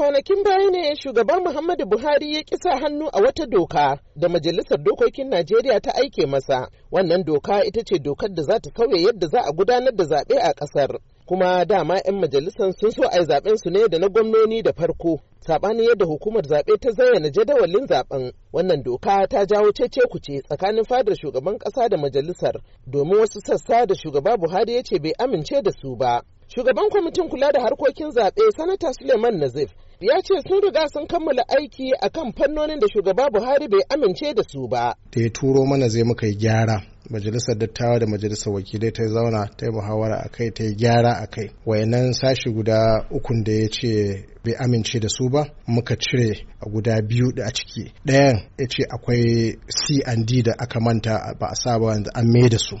kwanakin baya ne shugaban Muhammadu Buhari ya kisa hannu a wata doka da Majalisar Dokokin Najeriya ta aike masa. Wannan doka ita ce dokar da za ta sauya yadda za a gudanar da zaɓe a ƙasar. Kuma dama 'yan majalisar sun so a yi zaɓen su ne da na gwamnoni da farko. Saɓanin yadda hukumar zaɓe ta zayyana jadawalin zaɓen. Wannan doka ta jawo cece ce tsakanin fadar shugaban ƙasa da majalisar domin wasu sassa da shugaba Buhari ya ce bai amince da su ba. Shugaban kwamitin kula da harkokin zaɓe Sanata Suleiman Nazif ya ce sun riga sun kammala aiki akan fannonin da shugaba Buhari bai amince da su ba. Da ya turo mana zai muka yi gyara majalisar dattawa da majalisar wakilai ta zauna ta yi muhawara a kai ta yi gyara a kai wayannan sashi guda ukun da ya ce bai amince da su ba muka cire a guda biyu da a ciki ɗayan ya ce akwai c da aka manta ba a ba wanda an mai da su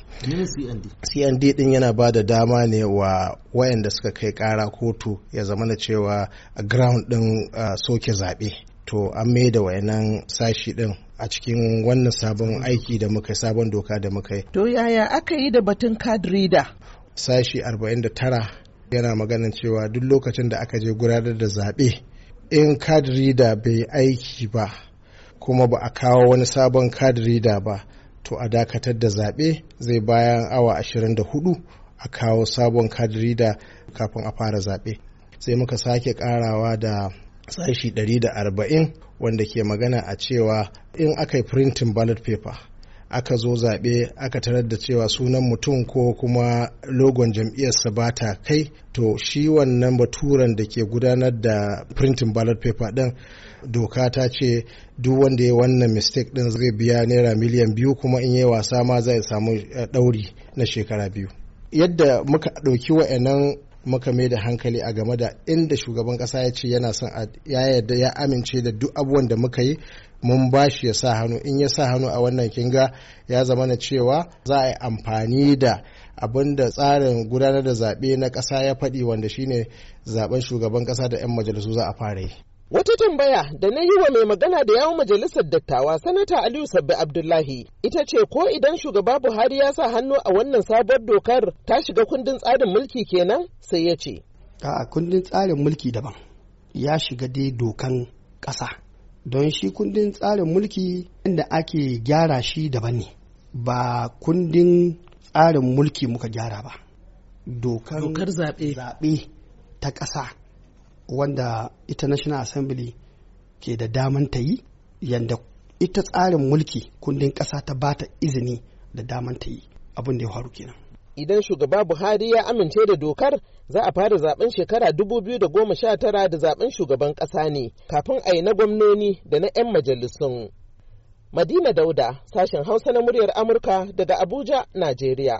cnd and din yana ba da dama ne wa wayanda suka kai kara kotu ya zama na cewa ground din soke zaɓe to an mai da wayannan sashi din a cikin wannan sabon aiki da muka sabon doka da muka yi. To yaya aka yi da batun card reader? Sashi 49 yana maganin cewa duk lokacin da aka je gudanar da zaɓe in card reader bai aiki ba kuma ba a kawo wani sabon card reader ba to a dakatar da zaɓe zai bayan awa 24 a kawo sabon card reader kafin a fara zaɓe. Sai muka sake ƙarawa da sashi 140 wanda ke magana a cewa in aka yi printing ballot paper aka zo zaɓe aka tarar da cewa sunan mutum ko kuma logon jam'iyyarsa ba ta kai to shi wannan baturen da ke gudanar da printing ballot paper ɗin doka ta ce duk wanda ya wannan mistake ɗin zai biya naira miliyan biyu kuma in yi wasa ma zai samu eh, ɗauri na shekara biyu yadda muka ɗauki wa'annan muka mai da hankali a game da inda shugaban kasa ya ce yana son ya yarda ya amince da duk abubuwan da muka yi mun ba shi ya sa hannu in ya sa hannu a wannan kinga ya zama na cewa za a yi amfani da abin da tsarin gudanar da zaɓe na ƙasa ya faɗi wanda shine zaben shugaban ƙasa da 'yan majalisu za a fara yi Wata tambaya da na yi wa mai magana da yawon majalisar dattawa sanata Aliyu Sabbi Abdullahi ita ce ko idan shugaba Buhari ya sa hannu a wannan sabuwar dokar ta shiga kundin tsarin mulki kenan sai ya ce. A kundin tsarin mulki daban ya shiga dai dokan ƙasa don shi kundin tsarin mulki inda ake gyara shi daban ne ba kundin tsarin mulki muka gyara ba. Dokar zaɓe ta ƙasa wanda ita national assembly ke da daman ta yi yadda ita tsarin mulki kundin ƙasa ta ba ta izini da daman ta yi abin da ya faru kenan idan shugaba buhari ya amince da dokar za a fara zaben shekara 2019 da zaben shugaban ƙasa ne kafin a yi na gwamnoni da na 'yan majalisun madina dauda sashen hausa na muryar amurka daga abuja najeriya